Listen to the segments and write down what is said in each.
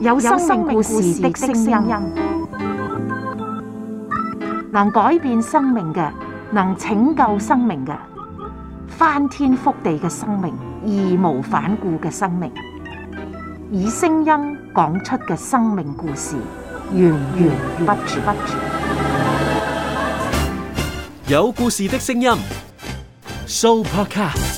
有生命故事的聲音，能改變生命嘅，能拯救生命嘅，翻天覆地嘅生命，義無反顧嘅生命，以聲音講出嘅生命故事，源源不絕。有故事的聲音，Soupercast。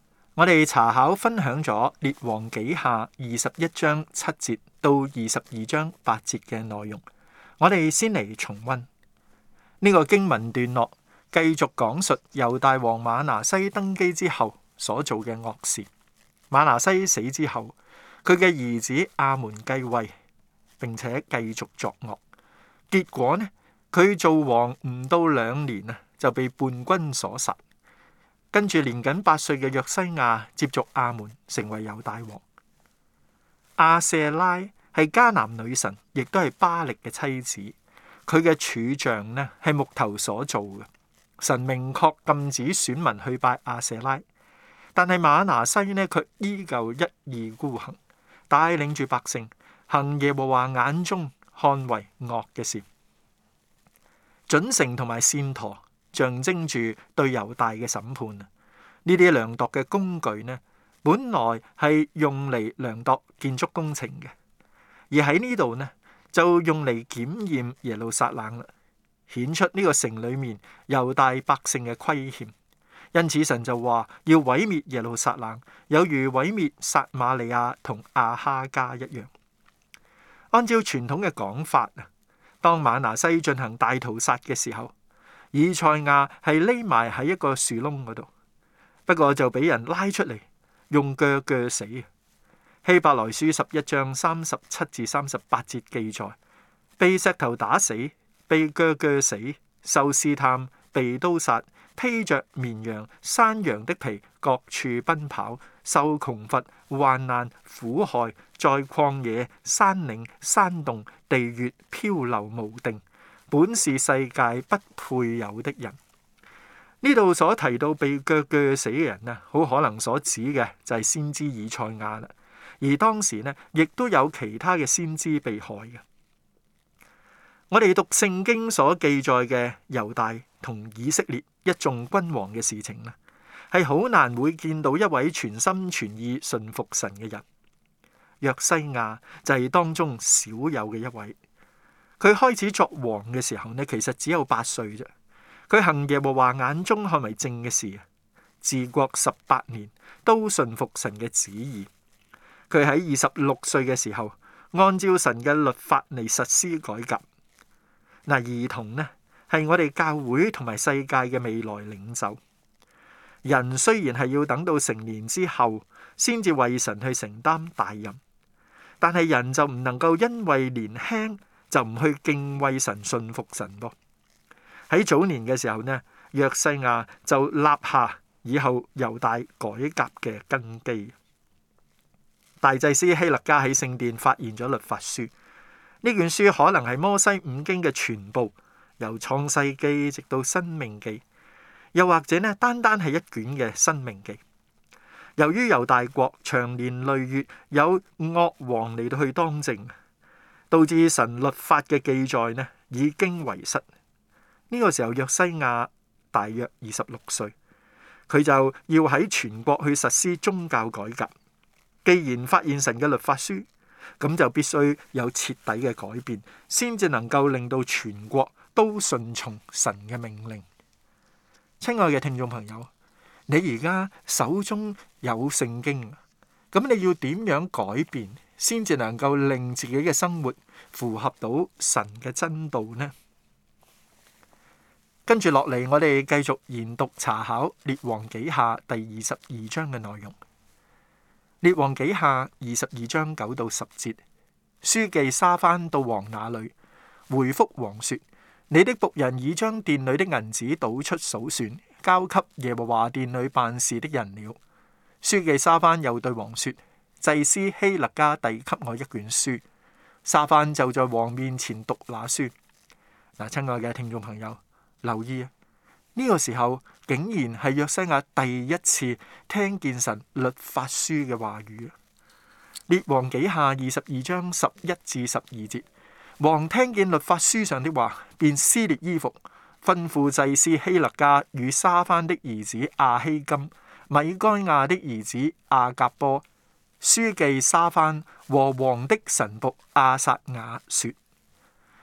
我哋查考分享咗《列王紀下》二十一章七節到二十二章八節嘅內容，我哋先嚟重溫呢個經文段落，繼續講述猶大王馬拿西登基之後所做嘅惡事。馬拿西死之後，佢嘅兒子阿門繼位，並且繼續作惡。結果呢，佢做王唔到兩年啊，就被叛軍所殺。跟住年僅八歲嘅約西亞接續亞們，成為猶大王。亞舍拉係迦南女神，亦都係巴力嘅妻子。佢嘅柱像呢係木頭所做嘅。神明確禁止選民去拜亞舍拉，但係瑪拿西呢，卻依舊一意孤行，帶領住百姓行耶和華眼中看為惡嘅事。準成同埋線陀。象徵住對猶大嘅審判啊！呢啲量度嘅工具呢，本來係用嚟量度建築工程嘅，而喺呢度呢，就用嚟檢驗耶路撒冷啦，顯出呢個城裏面猶大百姓嘅虧欠。因此神就話要毀滅耶路撒冷，有如毀滅撒瑪利亞同亞哈家一樣。按照傳統嘅講法啊，當瑪拿西進行大屠殺嘅時候，以賽亞係匿埋喺一個樹窿嗰度，不過就俾人拉出嚟，用鋸鋸，鋸，鋸死。希伯來書十一章三十七至三十八節記載：被石頭打死，被鋸鋸死，受試探，被刀殺，披着綿羊、山羊的皮，各處奔跑，受窮乏、患難、苦害，在曠野、山嶺、山洞、地穴漂流無定。本是世界不配有的人，呢度所提到被鋸鋸死嘅人啊，好可能所指嘅就係先知以賽亞啦。而當時呢，亦都有其他嘅先知被害嘅。我哋讀聖經所記載嘅猶大同以色列一眾君王嘅事情咧，係好難會見到一位全心全意信服神嘅人。約西亞就係當中少有嘅一位。佢開始作王嘅時候呢，其實只有八歲啫。佢行耶和華眼中看為正嘅事，治國十八年都信服神嘅旨意。佢喺二十六歲嘅時候，按照神嘅律法嚟實施改革。嗱，兒童呢係我哋教會同埋世界嘅未來領袖。人雖然係要等到成年之後先至為神去承擔大任，但係人就唔能夠因為年輕，就唔去敬畏神、信服神噃。喺早年嘅時候呢，約西亞就立下以後猶大改革嘅根基。大祭司希勒家喺聖殿發現咗律法書，呢卷書可能係摩西五經嘅全部，由創世記直到申命記，又或者呢，單單係一卷嘅申命記。由於猶大國長年累月有惡王嚟到去當政。導致神律法嘅記載呢，已經遺失。呢個時候，約西亞大約二十六歲，佢就要喺全國去實施宗教改革。既然發現神嘅律法書，咁就必須有徹底嘅改變，先至能夠令到全國都順從神嘅命令。親愛嘅聽眾朋友，你而家手中有聖經，咁你要點樣改變？先至能夠令自己嘅生活符合到神嘅真道呢？跟住落嚟，我哋繼續研讀查考列王紀下第二十二章嘅內容。列王紀下二十二章九到十節，書記沙番到王那裏回覆王說：你的僕人已將殿裏的銀子倒出數算，交給耶和華殿裏辦事的人了。書記沙番又對王說。祭司希勒家遞給我一卷書，沙番就在王面前讀那書。嗱，親愛的聽眾朋友，留意啊，呢、這個時候竟然係約西亞第一次聽見神律法書嘅話語。列王記下二十二章十一至十二節，王聽見律法書上的話，便撕裂衣服，吩咐祭司希勒家與沙番的兒子阿希金、米該亞的兒子阿甲波。書記沙番和王的神僕阿薩雅說：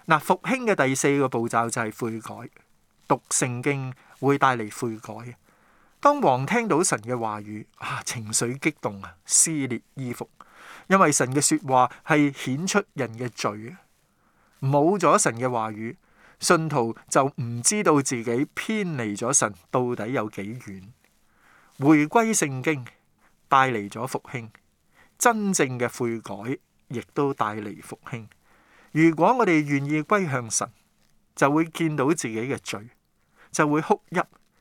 嗱，復興嘅第四個步驟就係悔改。讀聖經會帶嚟悔改。當王聽到神嘅話語啊，情緒激動啊，撕裂衣服，因為神嘅說話係顯出人嘅罪啊。冇咗神嘅話語，信徒就唔知道自己偏離咗神到底有幾遠。回歸聖經帶嚟咗復興。真正嘅悔改，亦都帶嚟復興。如果我哋願意歸向神，就會見到自己嘅罪，就會哭泣，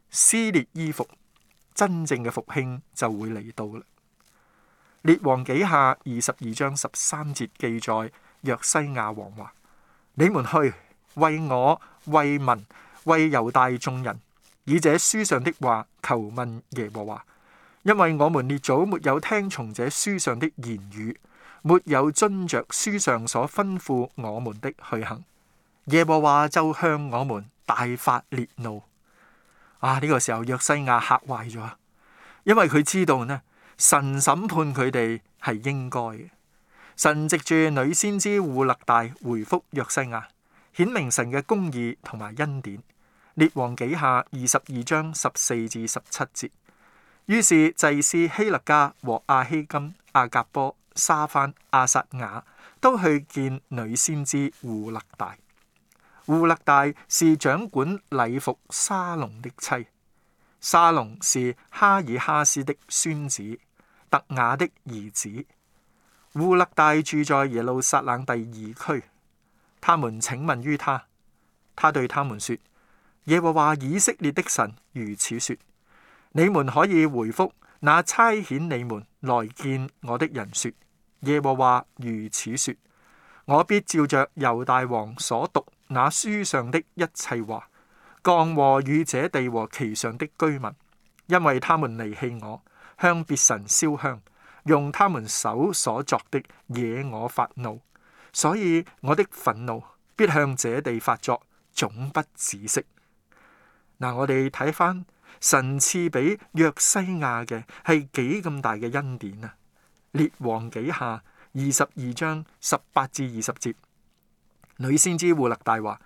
撕裂衣服。真正嘅復興就會嚟到啦。列王紀下二十二章十三節記載，約西亞王話：你們去為我為民為猶大眾人以這書上的話求問耶和華。因為我們列祖沒有聽從這書上的言語，沒有遵着書上所吩咐我們的去行，耶和華就向我們大發烈怒。啊！呢、這個時候約西亞嚇壞咗，因為佢知道呢，神審判佢哋係應該嘅。神藉住女先知戶勒大回復約西亞，顯明神嘅公義同埋恩典。列王紀下二十二章十四至十七節。於是祭司希勒家和阿希金、阿甲波、沙番、阿撒雅都去見女先知胡勒大。胡勒大是掌管禮服沙龍的妻，沙龍是哈爾哈斯的孫子，特雅的兒子。胡勒大住在耶路撒冷第二區。他們請問於他，他對他們說：耶和華以色列的神如此說。你們可以回覆那差遣你們來見我的人說：耶和華如此說，我必照着猶大王所讀那書上的一切話降禍與這地和其上的居民，因為他們離棄我，向別神燒香，用他們手所作的惹我發怒，所以我的憤怒必向這地發作，總不止息。嗱，我哋睇翻。神賜俾約西亞嘅係幾咁大嘅恩典啊？列王記下二十二章十八至二十節，女先知胡勒大話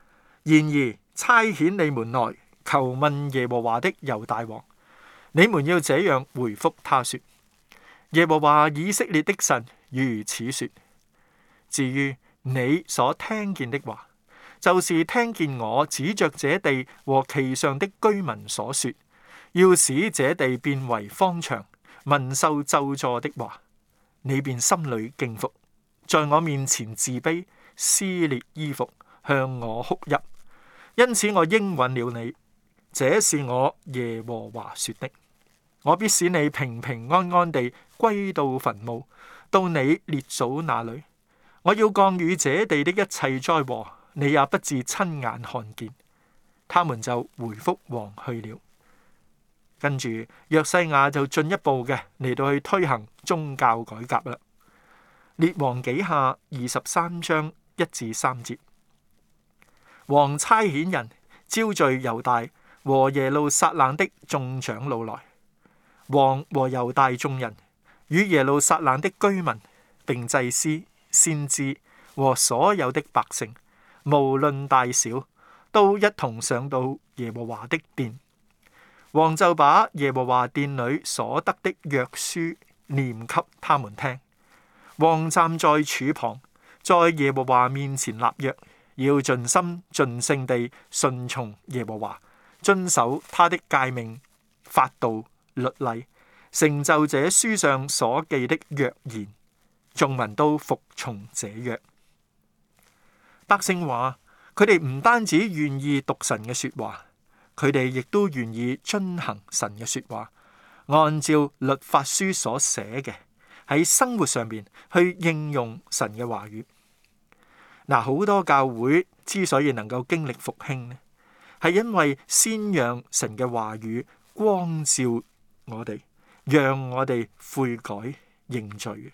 然而差遣你們來求問耶和華的猶大王，你們要這樣回覆他說：耶和華以色列的神如此說：至於你所聽見的話，就是聽見我指着這地和其上的居民所說。要使這地變為荒場，民受咒詛的話，你便心裏敬服，在我面前自卑，撕裂衣服，向我哭泣。因此我應允了你，這是我耶和華說的。我必使你平平安安地歸到墳墓，到你列祖那裏。我要降與這地的一切災禍，你也不至親眼看見。他們就回復王去了。跟住約西亞就進一步嘅嚟到去推行宗教改革啦。列王紀下二十三章一至三節，王差遣人招聚猶大和耶路撒冷的眾長老來，王和猶大眾人與耶路撒冷的居民並祭司、先知和所有的百姓，無論大小，都一同上到耶和華的殿。王就把耶和華殿裏所得的約書念給他們聽。王站在柱旁，在耶和華面前立約，要盡心盡性地順從耶和華，遵守他的誡命、法度、律例，成就者書上所記的約言。眾民都服從這約。德姓話，佢哋唔單止願意讀神嘅說話。佢哋亦都願意遵行神嘅說話，按照律法書所寫嘅喺生活上面去應用神嘅話語。嗱，好多教會之所以能夠經歷復興呢，係因為先讓神嘅話語光照我哋，讓我哋悔改認罪。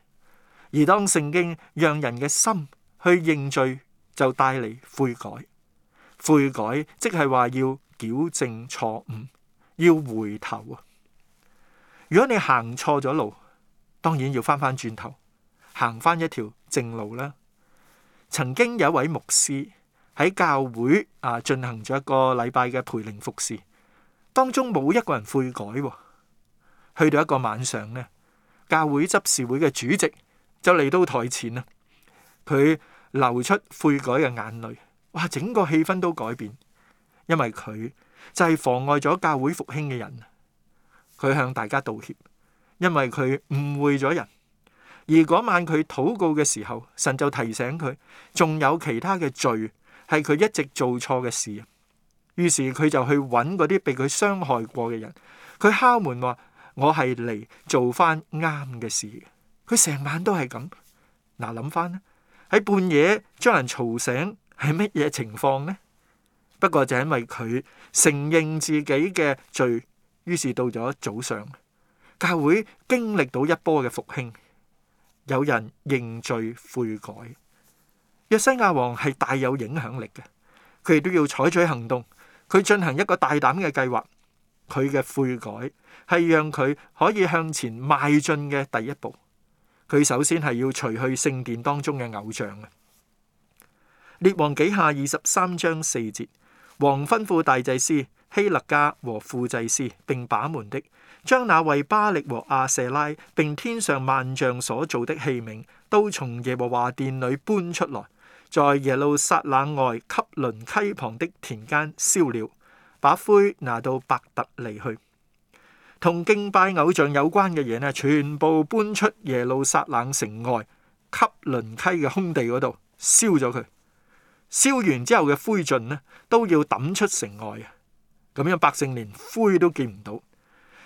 而當聖經讓人嘅心去認罪，就帶嚟悔改。悔改即係話要。矯正錯誤，要回頭啊！如果你行錯咗路，當然要翻翻轉頭，行翻一條正路啦。曾經有一位牧師喺教會啊進行咗一個禮拜嘅培靈服侍，當中冇一個人悔改喎。去到一個晚上咧，教會執事會嘅主席就嚟到台前啦，佢流出悔改嘅眼淚，哇！整個氣氛都改變。因為佢就係妨礙咗教會復興嘅人，佢向大家道歉，因為佢誤會咗人。而嗰晚佢禱告嘅時候，神就提醒佢，仲有其他嘅罪係佢一直做錯嘅事。於是佢就去揾嗰啲被佢傷害過嘅人，佢敲門話：我係嚟做翻啱嘅事。佢成晚都係咁。嗱，諗翻咧，喺半夜將人嘈醒係乜嘢情況咧？不過就因為佢承認自己嘅罪，於是到咗早上，教會經歷到一波嘅復興。有人認罪悔改。約西亞王係大有影響力嘅，佢亦都要採取行動。佢進行一個大膽嘅計劃。佢嘅悔改係讓佢可以向前邁進嘅第一步。佢首先係要除去聖殿當中嘅偶像嘅。列王紀下二十三章四節。王吩咐大祭司、希勒家和副祭司，並把門的，將那位巴力和亞舍拉，並天上萬象所造的器皿，都從耶和華殿裏搬出來，在耶路撒冷外汲淪溪旁的田間燒了，把灰拿到伯特利去。同敬拜偶像有關嘅嘢呢，全部搬出耶路撒冷城外汲淪溪嘅空地嗰度燒咗佢。燒完之後嘅灰燼呢，都要抌出城外啊！咁樣百姓連灰都見唔到。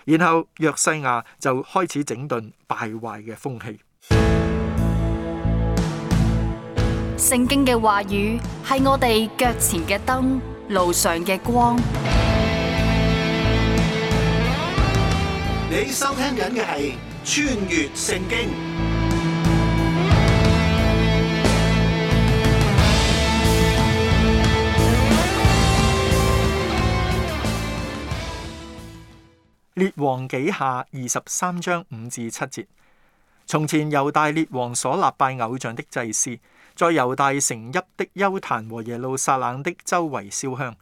然後約西亞就開始整頓敗壞嘅風氣。聖經嘅話語係我哋腳前嘅燈，路上嘅光。你收聽緊嘅係《穿越聖經》。列王紀下二十三章五至七節：從前猶大列王所立拜偶像的祭司，在猶大城邑的邱壇和耶路撒冷的周圍燒香，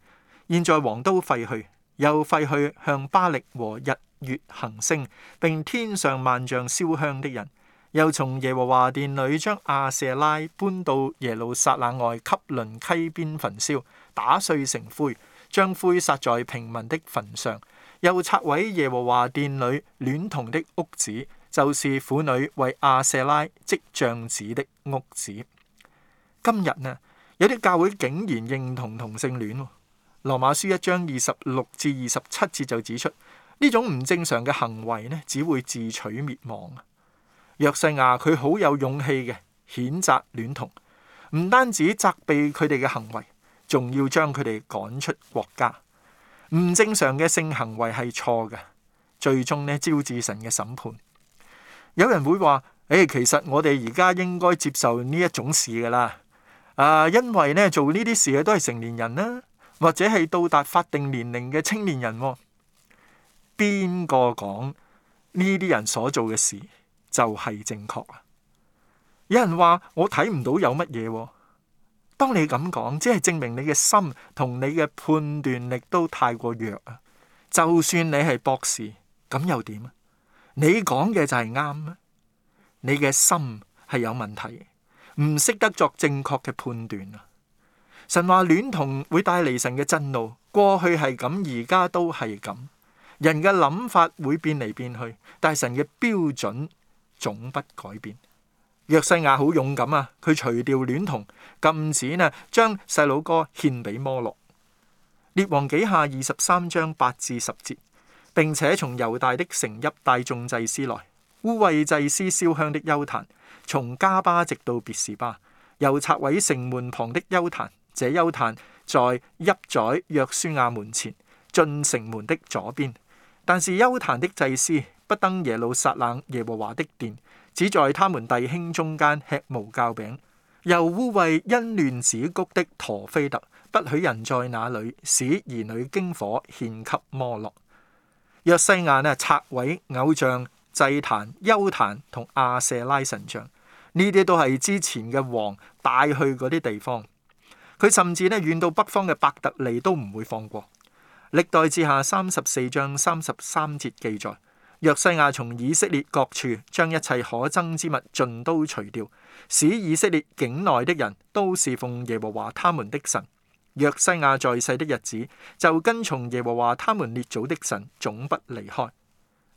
現在王都廢去，又廢去向巴力和日月行星並天上萬象燒香的人，又從耶和華殿裏將亞舍拉搬到耶路撒冷外汲淪溪邊焚燒，打碎成灰，將灰撒在平民的墳上。又拆毀耶和華殿裏戀童的屋子，就是婦女為亞舍拉即像子的屋子。今日呢，有啲教會竟然認同同性戀哦。羅馬書一章二十六至二十七節就指出，呢種唔正常嘅行為呢，只會自取滅亡。約西亞佢好有勇氣嘅，譴責戀童，唔單止責備佢哋嘅行為，仲要將佢哋趕出國家。唔正常嘅性行為係錯嘅，最終呢，招致神嘅審判。有人會話：誒、哎，其實我哋而家應該接受呢一種事噶啦，啊，因為呢，做呢啲事嘅都係成年人啦，啊，或者係到達法定年齡嘅青年人，啊。邊個講呢啲人所做嘅事就係正確啊？有人話我睇唔到有乜嘢，啊。當你咁講，只係證明你嘅心同你嘅判斷力都太過弱啊！就算你係博士，咁又點？你講嘅就係啱咩？你嘅心係有問題嘅，唔識得作正確嘅判斷啊！神話戀童會帶嚟神嘅震怒，過去係咁，而家都係咁。人嘅諗法會變嚟變去，但係神嘅標準總不改變。約西亞好勇敢啊！佢除掉孌童，禁止呢，將細佬哥獻俾摩洛。列王紀下二十三章八至十節，並且從猶大的城邑帶眾祭司來，污穢祭司燒香的邱壇，從加巴直到別是巴，又拆毀城門旁的邱壇。這邱壇在邑宰約書亞門前，進城門的左邊。但是邱壇的祭司不登耶路撒冷耶和華的殿。只在他們弟兄中間吃無酵餅，又污穢因亂子谷的陀非特，不許人在那裡使兒女經火獻給摩洛。約西亞呢拆毀偶像祭壇、丘壇同亞舍拉神像，呢啲都係之前嘅王帶去嗰啲地方。佢甚至呢遠到北方嘅伯特利都唔會放過。歷代志下三十四章三十三節記載。約西亞從以色列各處將一切可憎之物盡都除掉，使以色列境內的人都侍奉耶和華他們的神。約西亞在世的日子，就跟從耶和華他們列祖的神，總不離開。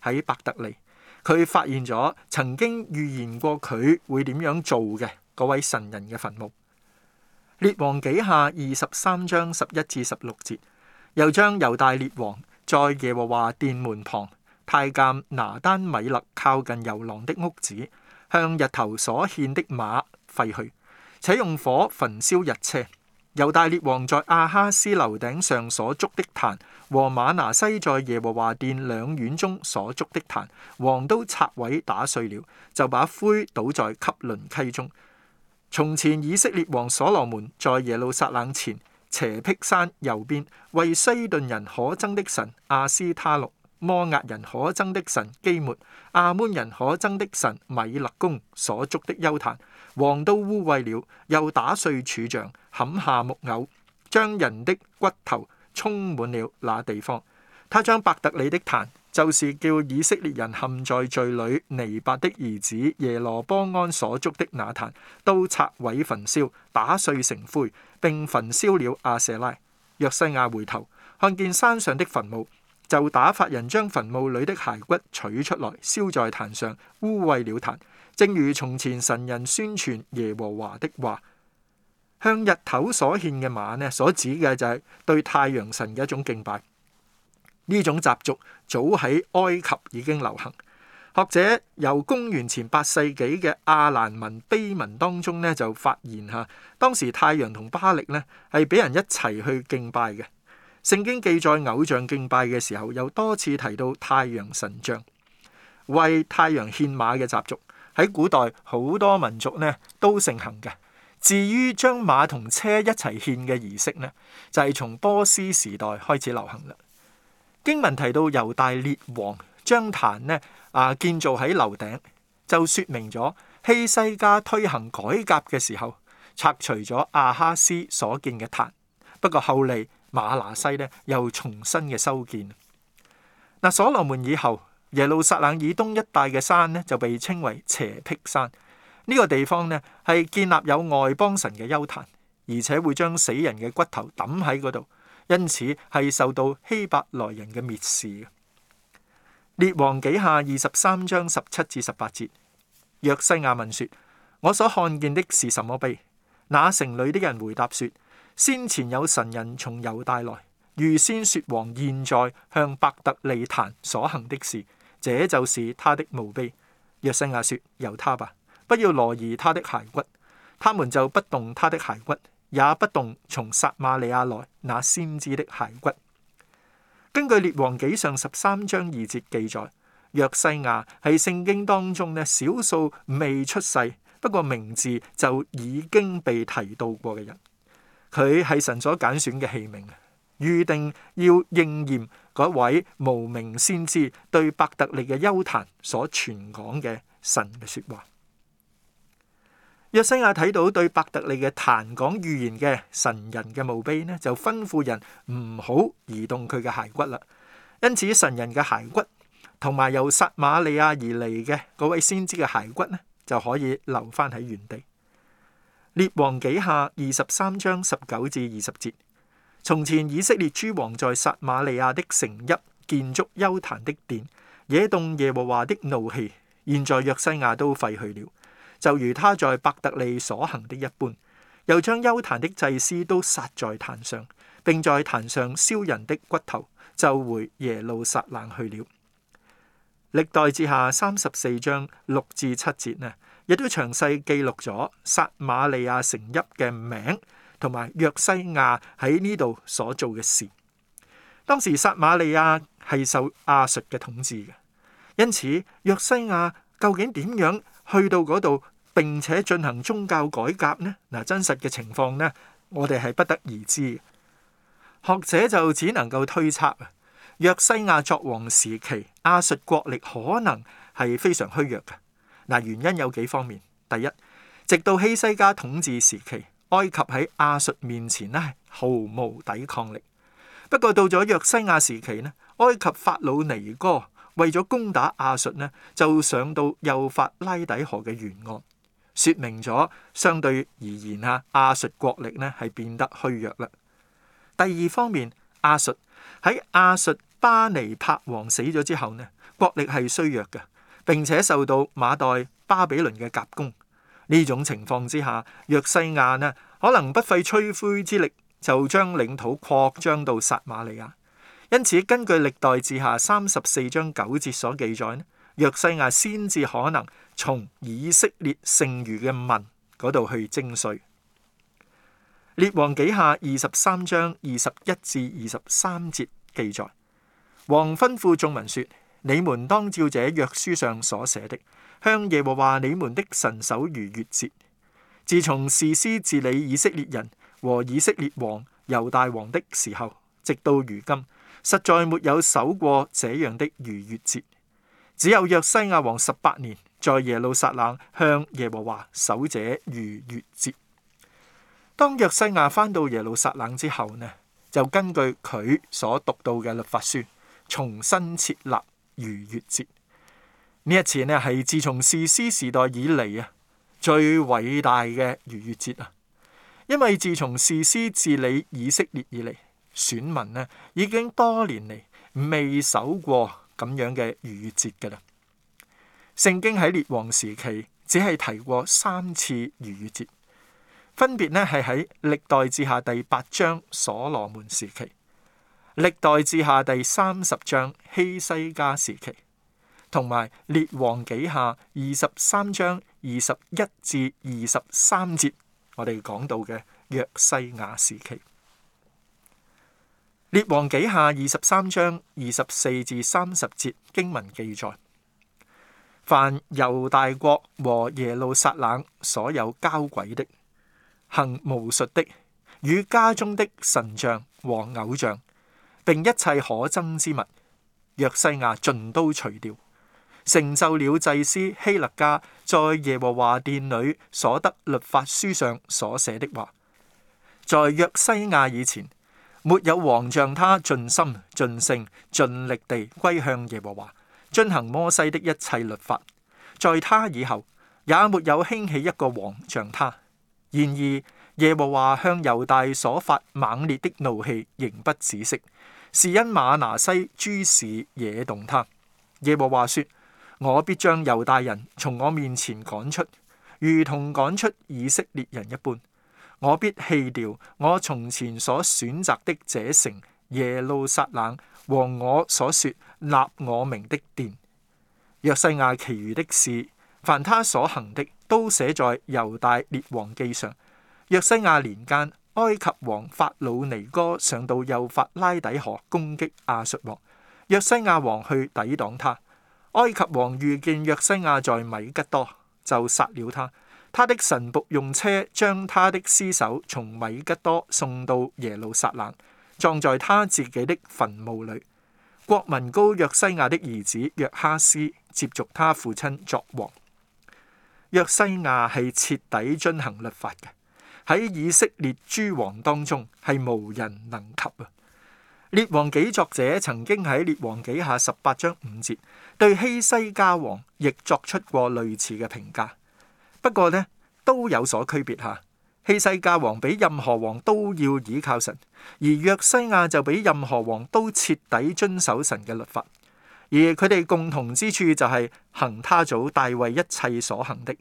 喺伯特利，佢發現咗曾經預言過佢會點樣做嘅嗰位神人嘅墳墓。列王紀下二十三章十一至十六節，又將猶大列王在耶和華殿門旁。太監拿丹米勒靠近遊廊的屋子，向日頭所獻的馬廢去，且用火焚燒日車。猶大列王在亞哈斯樓頂上所築的壇，和馬拿西在耶和華殿兩院中所築的壇，王都拆毀打碎了，就把灰倒在汲淪溪中。從前以色列王所羅門在耶路撒冷前邪僻山右邊為西頓人可憎的神亞斯他錄。摩押人可憎的神基末，亞捫人可憎的神米勒公所築的邱壇，王都污穢了，又打碎柱像，砍下木偶，將人的骨頭充滿了那地方。他將伯特利的壇，就是叫以色列人陷在罪裏，尼伯的兒子耶羅波安所築的那壇，都拆毀焚燒，打碎成灰，並焚燒了亞舍拉。約西亞回頭看見山上的墳墓。就打發人將墳墓裏的骸骨取出來，燒在壇上，污穢了壇。正如從前神人宣傳耶和華的話，向日頭所獻嘅馬呢，所指嘅就係對太陽神嘅一種敬拜。呢種習俗早喺埃及已經流行。學者由公元前八世紀嘅阿蘭文碑文當中呢就發現吓，當時太陽同巴力呢係俾人一齊去敬拜嘅。聖經記載偶像敬拜嘅時候，有多次提到太陽神像為太陽獻馬嘅習俗喺古代好多民族咧都盛行嘅。至於將馬同車一齊獻嘅儀式咧，就係、是、從波斯時代開始流行啦。經文提到猶大列王將壇咧啊建造喺樓頂，就説明咗希西家推行改革嘅時候拆除咗亞哈斯所建嘅壇。不過後嚟，馬拿西咧又重新嘅修建。嗱，所羅門以後，耶路撒冷以東一帶嘅山咧就被稱為邪僻山。呢、這個地方咧係建立有外邦神嘅丘壇，而且會將死人嘅骨頭抌喺嗰度，因此係受到希伯來人嘅蔑視嘅。列王紀下二十三章十七至十八節，約西亞問說：我所看見的是什麼碑？那城裏的人回答說。先前有神人從猶大來預先說，王現在向伯特利壇所行的事，這就是他的墓碑。約西亞說：由他吧，不要挪移他的骸骨。他們就不動他的骸骨，也不動從撒瑪利亞來那先知的骸骨。根據列王紀上十三章二節記載，約西亞係聖經當中呢少數未出世，不過名字就已經被提到過嘅人。佢係神所揀選嘅器皿，預定要應驗嗰位無名先知對伯特利嘅丘壇所傳講嘅神嘅説話。約西亞睇到對伯特利嘅壇講預言嘅神人嘅墓碑呢，就吩咐人唔好移動佢嘅骸骨啦。因此，神人嘅骸骨同埋由撒瑪利亞而嚟嘅嗰位先知嘅骸骨呢，就可以留翻喺原地。列王紀下二十三章十九至二十節：從前以色列諸王在撒瑪利亞的城邑建築幽壇的殿，惹動耶和華的怒氣。現在約西亞都廢去了，就如他在伯特利所行的一般。又將幽壇的祭司都殺在壇上，並在壇上燒人的骨頭，就回耶路撒冷去了。歷代志下三十四章六至七節呢？亦都詳細記錄咗撒瑪利亞城邑嘅名，同埋約西亞喺呢度所做嘅事。當時撒瑪利亞係受亞述嘅統治嘅，因此約西亞究竟點樣去到嗰度並且進行宗教改革呢？嗱，真實嘅情況呢？我哋係不得而知，學者就只能夠推測啊。約西亞作王時期，亞述國力可能係非常虛弱嘅。嗱，原因有幾方面。第一，直到希西家統治時期，埃及喺亞述面前咧毫無抵抗力。不過到咗約西亞時期咧，埃及法老尼哥為咗攻打亞述呢，就上到幼發拉底河嘅沿岸，説明咗相對而言啊，亞述國力咧係變得虛弱啦。第二方面，亞述喺亞述巴尼帕王死咗之後呢，國力係衰弱嘅。並且受到馬代巴比倫嘅夾攻，呢種情況之下，約西亞呢可能不費吹灰之力就將領土擴張到撒瑪利亞。因此，根據《歷代志下》三十四章九節所記載呢，約西亞先至可能從以色列剩餘嘅民嗰度去徵稅。《列王紀下》二十三章二十一至二十三節記載，王吩咐眾民說。你們當照這約書上所寫的，向耶和華你們的神守逾越節。自從士師治理以色列人和以色列王猶大王的時候，直到如今，實在沒有守過這樣的逾越節。只有約西亞王十八年，在耶路撒冷向耶和華守這逾越節。當約西亞返到耶路撒冷之後呢，就根據佢所讀到嘅律法書重新設立。逾越節呢一次呢，係自從士師時代以嚟啊，最偉大嘅逾越節啊！因為自從士師治理以色列以嚟，選民呢已經多年嚟未守過咁樣嘅逾越節㗎喇。聖經喺列王時期只係提過三次逾越節，分別呢係喺歷代志下第八章所羅門時期。歷代志下第三十章希西，西家時期，同埋列王紀下二十三章二十一至二十三節，我哋講到嘅約西亞時期。列王紀下二十三章二十四至三十節經文記載：凡猶大國和耶路撒冷所有交鬼的、行巫術的、與家中的神像和偶像，並一切可憎之物，約西亞盡都除掉，成就了祭司希勒家在耶和華殿裏所得律法書上所寫的話。在約西亞以前，沒有王像他盡心、盡性、盡力地歸向耶和華，遵行摩西的一切律法；在他以後，也沒有興起一個王像他。然而，耶和華向猶大所發猛烈的怒氣仍不止息，是因馬拿西諸事惹動他。耶和華說：我必將猶大人從我面前趕出，如同趕出以色列人一般。我必棄掉我從前所選擇的這城耶路撒冷和我所說立我名的殿。約西亞其餘的事，凡他所行的，都寫在猶大列王記上。約西亞年間，埃及王法老尼哥上到幼發拉底河攻擊亞述王，約西亞王去抵擋他。埃及王遇見約西亞在米吉多，就殺了他。他的臣僕用車將他的屍首從米吉多送到耶路撒冷，葬在他自己的墳墓裏。國民膏約西亞的兒子約哈斯接續他父親作王。約西亞係徹底遵行律法嘅。喺以色列諸王當中，係無人能及啊！列王紀作者曾經喺列王紀下十八章五節，對希西家王亦作出過類似嘅評價。不過呢，都有所區別吓。希西家王比任何王都要倚靠神，而約西亞就比任何王都徹底遵守神嘅律法。而佢哋共同之處就係行他祖大衛一切所行的。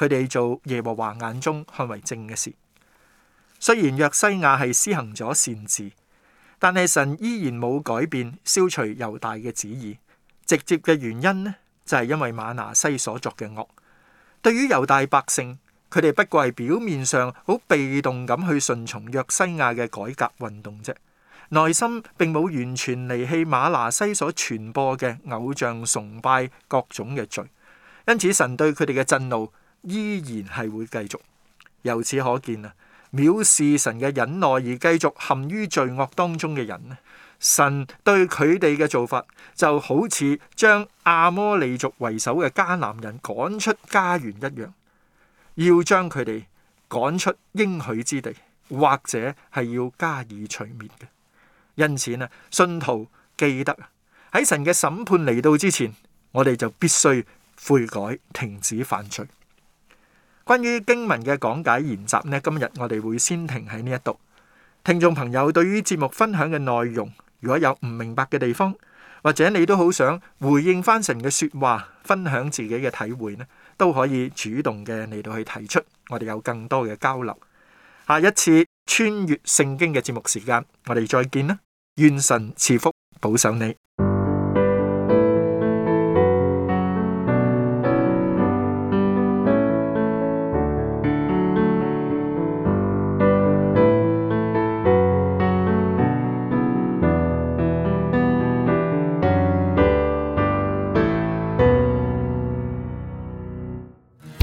佢哋做耶和華眼中看為正嘅事。雖然約西亞係施行咗善治，但係神依然冇改變消除猶大嘅旨意。直接嘅原因呢，就係因為馬拿西所作嘅惡。對於猶大百姓，佢哋不過係表面上好被動咁去順從約西亞嘅改革運動啫，內心並冇完全離棄馬拿西所傳播嘅偶像崇拜各種嘅罪，因此神對佢哋嘅震怒。依然係會繼續，由此可見啊，藐視神嘅忍耐而繼續陷於罪惡當中嘅人咧，神對佢哋嘅做法就好似將亞摩利族為首嘅迦南人趕出家園一樣，要將佢哋趕出應許之地，或者係要加以除滅嘅。因此咧，信徒記得喺神嘅審判嚟到之前，我哋就必須悔改，停止犯罪。關於經文嘅講解研習呢，今日我哋會先停喺呢一度。聽眾朋友，對於節目分享嘅內容，如果有唔明白嘅地方，或者你都好想回應翻神嘅說話，分享自己嘅體會呢，都可以主動嘅嚟到去提出。我哋有更多嘅交流。下一次穿越聖經嘅節目時間，我哋再見啦。願神賜福保守你。